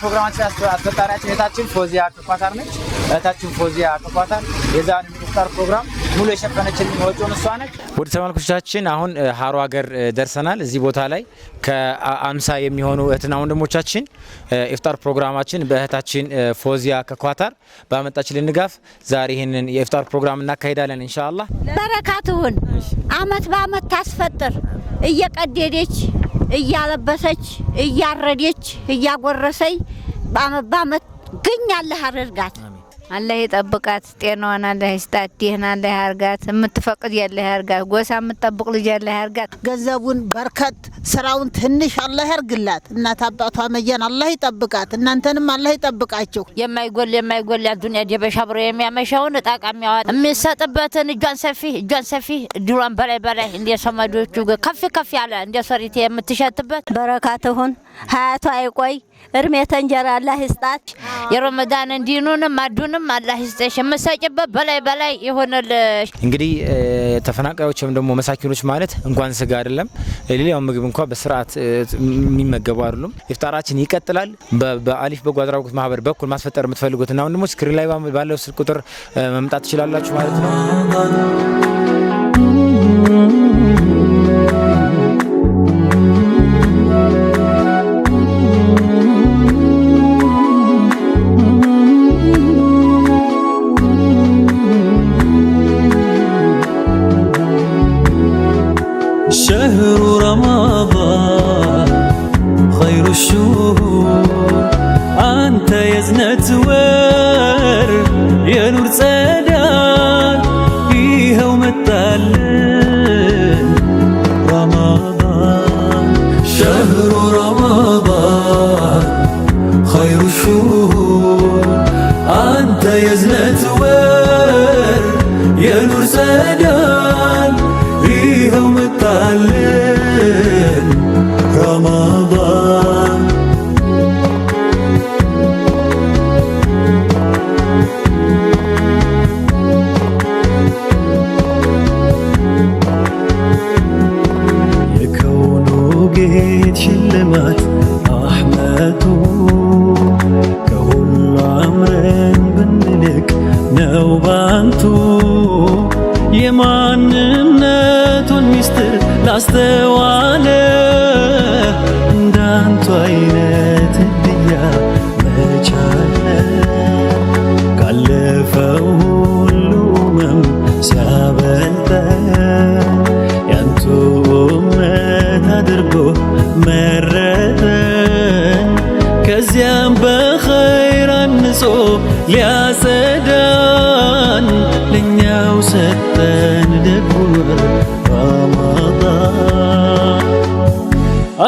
ፕሮግራማችን አስፈጣሪያችን እህታችን ፎዚያ ከኳታር ነች። እህታችን ፎዚያ ከኳታር የዛን ኢፍጣር ፕሮግራም ሙሉ የሸፈነችን ወጪውን እሷ ነች። ወደ ተመልካቾቻችን አሁን ሀሮ ሀገር ደርሰናል። እዚህ ቦታ ላይ ከአምሳ የሚሆኑ እህትና ወንድሞቻችን ኢፍጣር ፕሮግራማችን በእህታችን ፎዚያ ከኳታር ባመጣችልን ድጋፍ ዛሬ ይህንን የኢፍጣር ፕሮግራም እናካሄዳለን። ኢንሻ አላህ በረካትሁን አመት በአመት ታስፈጥር እየቀደደች እያለበሰች እያረደች እያጎረሰኝ በአመት ግኛለህ አደርጋት አላህ የጠብቃት ጤናዋን አላህ ይስጣት። ደህና አላህ ያርጋት። የምትፈቅድ ያላህ ያርጋት። ጎሳ የምትጠብቅ ልጅ ያለ ያርጋት። ገንዘቡን በርከት፣ ስራውን ትንሽ አላህ ያርግላት። እናት አባቷ መያን አላህ ይጠብቃት። እናንተንም አላህ ይጠብቃችሁ። የማይጎል የማይጎል አዱንያ ደበሻ ብሮ የሚያመሻውን ጣቃሚ ያዋት የሚሰጥበትን እጇን ሰፊ እጇን ሰፊ ድሯን በላይ በላይ እንደ ሰመዶቹ ከፍ ከፍ ያለ እንደ ሰሪቴ የምትሸትበት በረካት ሁን። ሀያቷ አይቆይ። እርሜ ተንጀራ አላህ ይስጣት። የሮመዳን እንዲኑንም አዱንም አንቺንም አላህ ይስጠሽ፣ የምትሰጭበት በላይ በላይ ይሆንልሽ። እንግዲህ ተፈናቃዮች ወይም ደግሞ መሳኪኖች ማለት እንኳን ስጋ አይደለም ሌላው ምግብ እንኳ በስርዓት የሚመገቡ አይደሉም። ኢፍጣራችን ይቀጥላል። በአሊፍ በጎ አድራጎት ማህበር በኩል ማስፈጠር የምትፈልጉትና ወንድሞች ስክሪን ላይ ባለው ስልክ ቁጥር መምጣት ትችላላችሁ ማለት ነው። شهر رمضان خير الشهور أنت يا زنة ور يا نور سدان فيها ومتعلن رمضان شهر رمضان خير الشهور أنت يا زنة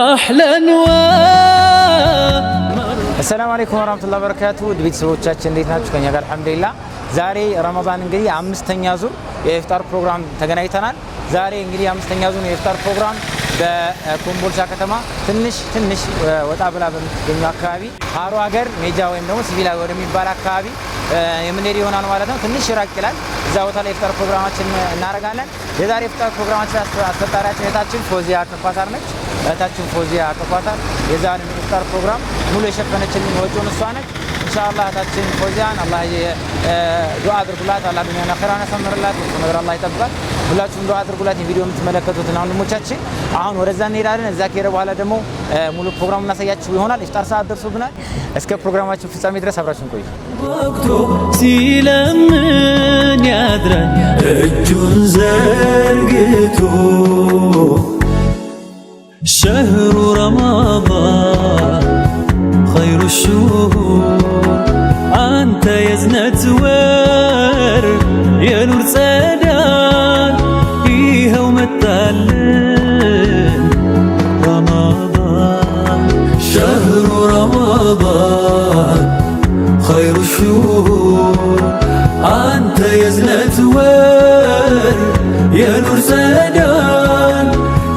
አህለን አሰላሙ አለይኩም ወራህመቱላሂ ወበረካቱ። ውድ ቤተሰቦቻችን እንዴት ናችሁ? ከኛ ጋር አልሐምዱሊላህ። ዛሬ ረመዳን እንግዲህ አምስተኛ ዙር የኢፍጣር ፕሮግራም ተገናኝተናል። ዛሬ እንግዲህ አምስተኛ ዙር የኢፍጣር ፕሮግራም በኮምቦልቻ ከተማ ትንሽ ትንሽ ወጣ ብላ በምትገኘው አካባቢ ሀሮ ሀገር ሜጃ ወይም ደግሞ ሲቪላ ወደሚባል አካባቢ የምንሄድ ይሆናል ማለት ነው። ትንሽ ራቅ ይላል። እዛ ቦታ ላይ የፍጠር ፕሮግራማችን እናደርጋለን። የዛሬ የፍጠር ፕሮግራማችን አስፈጣሪያችን እህታችን ፎዚያ ከኳታር ነች። እህታችን ፎዚያ ከኳታር የዛን የፍጠር ፕሮግራም ሙሉ የሸፈነችልን ወጪውን እሷ ነች። እንሻላ እህታችን ፎዚያን አላህ ዱዓ አድርጉላት። አላህ ዱኒያና አኺራን ያሳምርላት። ነገር አላህ ይጠብቃል። ሁላችሁም ዱዓ አድርጉላት። የቪዲዮ የምትመለከቱትን ወንድሞቻችን አሁን ወደዛ እንሄዳለን። እዛ ከሄደ በኋላ ደግሞ ሙሉ ፕሮግራሙ እናሳያችሁ ይሆናል። ኢፍጣር ሰዓት ደርሶብናል። እስከ ፕሮግራማችን ፍጻሜ ድረስ አብራችሁን ቆዩ። ወቅቱ ሲለምን ያድራል እጁን ዘርግቶ ሸህሩ ረመዳን ስትወር የኑር ሰዳን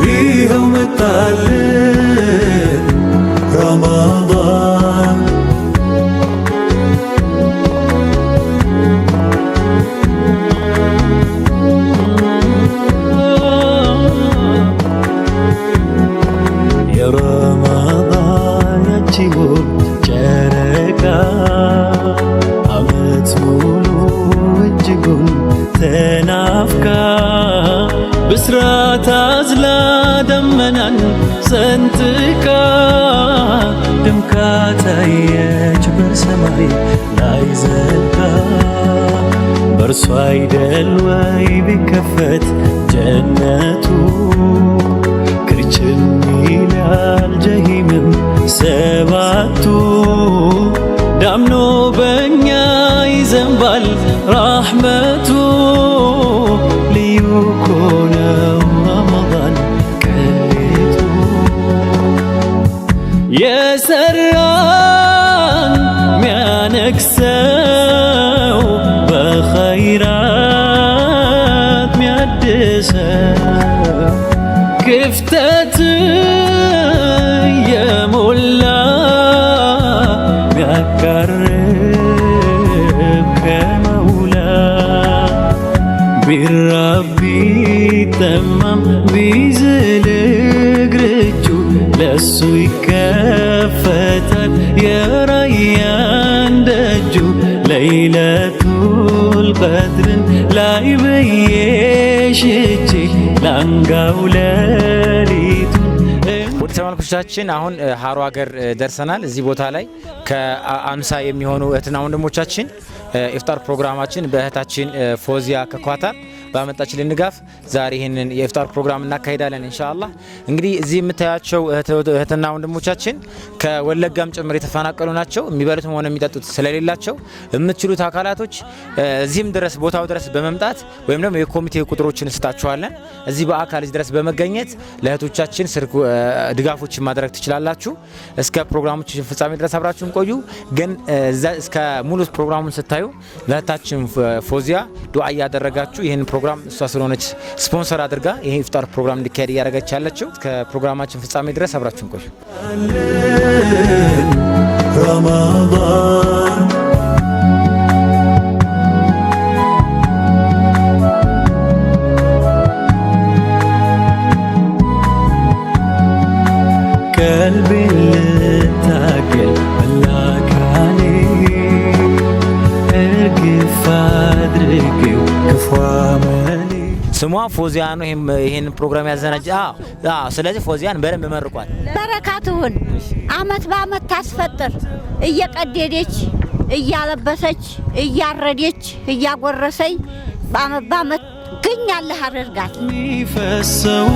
ይኸው መጣልን ረመዳን የረመዳን ያቺ ውብ ጨረቃ ኪዳን ሰንጥቃ ድምቃ ታየች በሰማይ ላይ ዘልቃ በእርሷ አይደል ወይ ቢከፈት ጀነቱ ክርችን ይላል ጀሂምም ሰባቱ ዳምኖ በእኛ ይዘንባል ራሕመቱ سران معانك ساو بخيرات معدسة كفتاتي يا ملا معكرب يا مولا بربي تمام بيزا መንጋው ለሊቱ ውድ ተመልኮቻችን አሁን ሀሮ ሀገር ደርሰናል። እዚህ ቦታ ላይ ከአምሳ የሚሆኑ እህትና ወንድሞቻችን ኢፍጣር ፕሮግራማችን በእህታችን ፎዚያ ከኳታል ባመጣችልን ድጋፍ ዛሬ ይህንን የኢፍጣር ፕሮግራም እናካሄዳለን እንሻላ እንግዲህ እዚህ የምታያቸው እህትና ወንድሞቻችን ከወለጋም ጭምር የተፈናቀሉ ናቸው። የሚበሉትም ሆነ የሚጠጡት ስለሌላቸው የምትችሉት አካላቶች እዚህም ድረስ ቦታው ድረስ በመምጣት ወይም ደግሞ የኮሚቴ ቁጥሮችን እንስጣችኋለን። እዚህ በአካል ድረስ በመገኘት ለእህቶቻችን ስልክ ድጋፎችን ማድረግ ትችላላችሁ። እስከ ፕሮግራሞችን ፍጻሜ ድረስ አብራችሁን ቆዩ። ግን እስከ ሙሉ ፕሮግራሙን ስታዩ ለእህታችን ፎዚያ ዱዓ እያደረጋችሁ ይህን ፕሮግራም እሷ ስለሆነች ስፖንሰር አድርጋ ይህ ኢፍጣር ፕሮግራም እንዲካሄድ እያደረገች ያለችው። ፕሮግራማችን ፍጻሜ ድረስ አብራችሁን ቆዩ። ስሟ ፎዚያ ነው። ይሄን ፕሮግራም ያዘናጅ። አዎ። ስለዚህ ፎዚያን በደንብ መርቋል። በረካትሁን አመት በአመት ታስፈጥር እየቀደደች እያለበሰች እያረደች እያጎረሰኝ በአመት በአመት ግኛለህ አደርጋት ሚፈሰው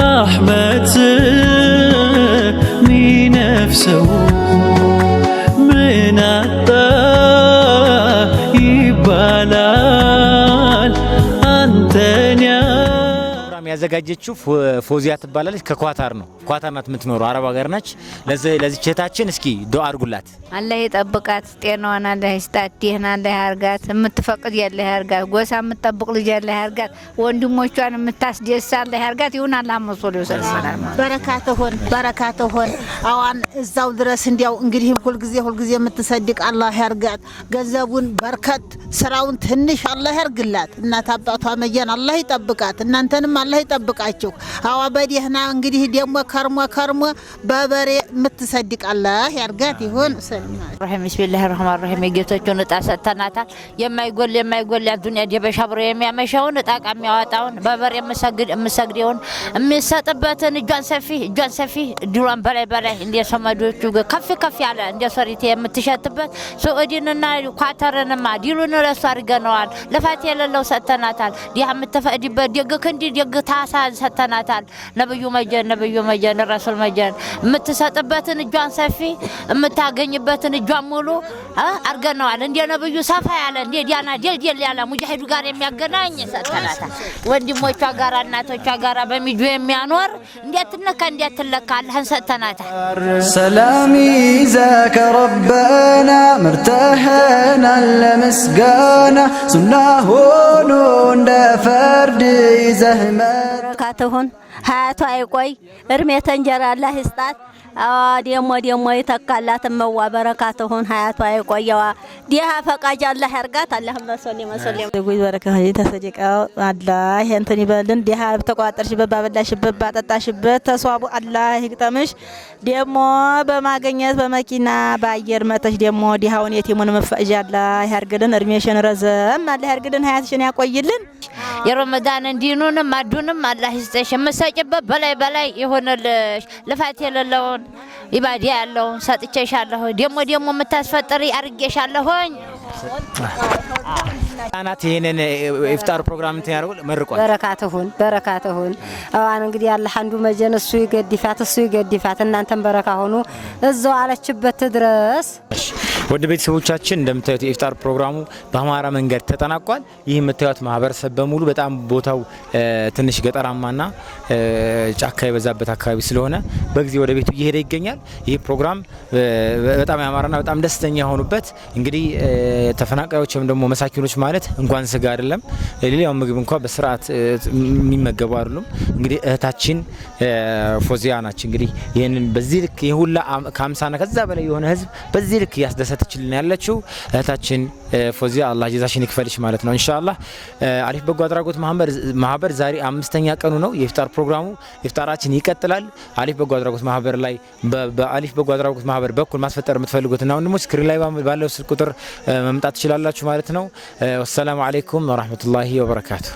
ራሕመት ሚነፍሰው ምናጣ ይባላል ያዘጋጀችው ፎዚያ ትባላለች። ከኳታር ነው። ኳታር ናት የምትኖረው፣ አረብ ሀገር ነች። ለዚች እህታችን እስኪ ዶ አድርጉላት። አላህ ይጠብቃት፣ ጤናዋን አላህ ይስጣት፣ ደህና አላህ ያርጋት፣ የምትፈቅድ ያላህ ያርጋት፣ ጎሳ የምትጠብቅ ልጅ ያላህ ያርጋት፣ ወንድሞቿን የምታስደስት አላህ ያርጋት። ይሁን አላህ መስሎ ይወሰልማል። በረካተ ሆን በረካተ ሆን አዋን እዛው ድረስ እንዲያው እንግዲህ ሁልጊዜ ሁልጊዜ የምትሰድቅ አላህ ያርጋት። ገንዘቡን በርከት ስራውን ትንሽ አላህ ያርግላት። እናት አባቷ መያን አላህ ይጠብቃት። እናንተንም አላህ ይጠብቃችሁ። አዋ በደህና እንግዲህ ደግሞ ከርሞ ከርሞ በበሬ የምትሰድቃለህ ያርጋት ይሁን ሰልማል ብስሚላህ ረህማን ረሂም የጌቶቹን እጣ ሰጥተናታል። የማይጎል የማይጎል ያዱኒያ ደበሻ ብሮ የሚያመሻውን እጣ ቃ የሚያወጣውን በበሬ የምሰግደውን የሚሰጥበትን እጇን ሰፊ እጇን ሰፊ ድሯን በላይ በላይ እንደ ሰመዶቹ ከፍ ከፍ ያለ እንደ ሶሪቴ የምትሸትበት ሱዑዲንና ኳተርንማ ዲሉን ለሱ አድርገነዋል። ልፋት የሌለው ሰጥተናታል። ዲህ የምትፈእድበት ደግ ክንዲ ደግ ታሳን ሰተናታል። ነብዩ መጀን ነብዩ መጀን ረሱል መጀን የምትሰጥበትን እጇን ሰፊ የምታገኝበትን እጇን ሙሉ አርገነዋል። እንደ ነብዩ ሰፋ ያለ እንደ ዲያና ደልደል ያለ ሙጃሂዱ ጋር የሚያገናኝ ሰተናታል። ወንድሞቿ ጋራ እናቶቿ ጋራ በሚጁ የሚያኖር እንዲያትነካ እንዴት አላህን ሰተናታል። ሰላሚ ዘከ ረበና ምርተህናል ለምስጋና ሱና ሆኖ እንደ ፈርድ ይዘህ በረካት ትሁን፣ ሀያቷ አይቆይ፣ እድሜ ተንጀራ አላህ ይስጣት። ደሞ ደሞ ይተካላት መዋ በረካት ትሁን፣ ሀያቷ አይቆየዋ። ዲሃ ፈቃጅ አላህ ያርጋት። አላህም መሶሌ መሶሌ ጉይ በረካ ተሰዲቃው አላህ እንትን ይበልን። ዲሃ ተቋጠርሽበት፣ ባበላሽበት፣ ባጠጣሽበት ተሷቡ አላህ ይግጠምሽ። ደሞ በማገኘት በመኪና በአየር መተሽ ደሞ ዲሃውን የቲሙን መፈእዣ አላህ ያርግልን። እድሜሽን ረዘም አላህ ያርግልን። ሀያትሽን ያቆይልን። የረመዳንን ዲኑንም አዱንም አላህ ይስጠሽ። የምሰጭበት በላይ በላይ ይሆንልሽ። ልፋት የሌለውን ኢባዳ ያለውን ሰጥቼሻለሁ። ደሞ ደሞ የምታስፈጥሪ አርጌሻለሁኝ። ህጻናት ይህንን ኢፍጣር ፕሮግራም እንትን ያደርጉ መርቋል። በረካት ሁን በረካት ሁን። አዋን እንግዲህ ያለ አንዱ መጀን እሱ ይገድፋት እሱ ይገድፋት። እናንተን በረካ ሆኑ። እዛው አለችበት ድረስ ወደ ቤተሰቦቻችን እንደምታዩት የኢፍጣር ፕሮግራሙ በአማራ መንገድ ተጠናቋል። ይህ የምታዩት ማህበረሰብ በሙሉ በጣም ቦታው ትንሽ ገጠራማና ጫካ የበዛበት አካባቢ ስለሆነ በጊዜ ወደ ቤቱ እየሄደ ይገኛል። ይህ ፕሮግራም በጣም ያማረና በጣም ደስተኛ የሆኑበት እንግዲህ ተፈናቃዮች ወይም ደግሞ መሳኪኖች ማለት እንኳን ስጋ አይደለም ሌላው ምግብ እንኳ በስርዓት የሚመገቡ አይደሉም። እንግዲህ እህታችን ፎዚያ ናች። እንግዲህ ይህንን በዚህ ልክ የሁላ ከአምሳና ከዛ በላይ የሆነ ህዝብ በዚህ ልክ እያስደሰተ እየላከችልን ያለችው እህታችን ፎዚያ አላህ ጀዛሽን ይክፈልሽ ማለት ነው። ኢንሻአላህ አሪፍ በጎ አድራጎት ማህበር ዛሬ አምስተኛ ቀኑ ነው የኢፍጣር ፕሮግራሙ። ኢፍጣራችን ይቀጥላል። አሪፍ በጎ አድራጎት ማህበር ላይ በአሪፍ በጎ አድራጎት ማህበር በኩል ማስፈጠር የምትፈልጉትና ወንድሞች ስክሪን ላይ ባለው ስልክ ቁጥር መምጣት ትችላላችሁ ማለት ነው። ወሰላሙ አለይኩም ወራህመቱላሂ ወበረካቱ።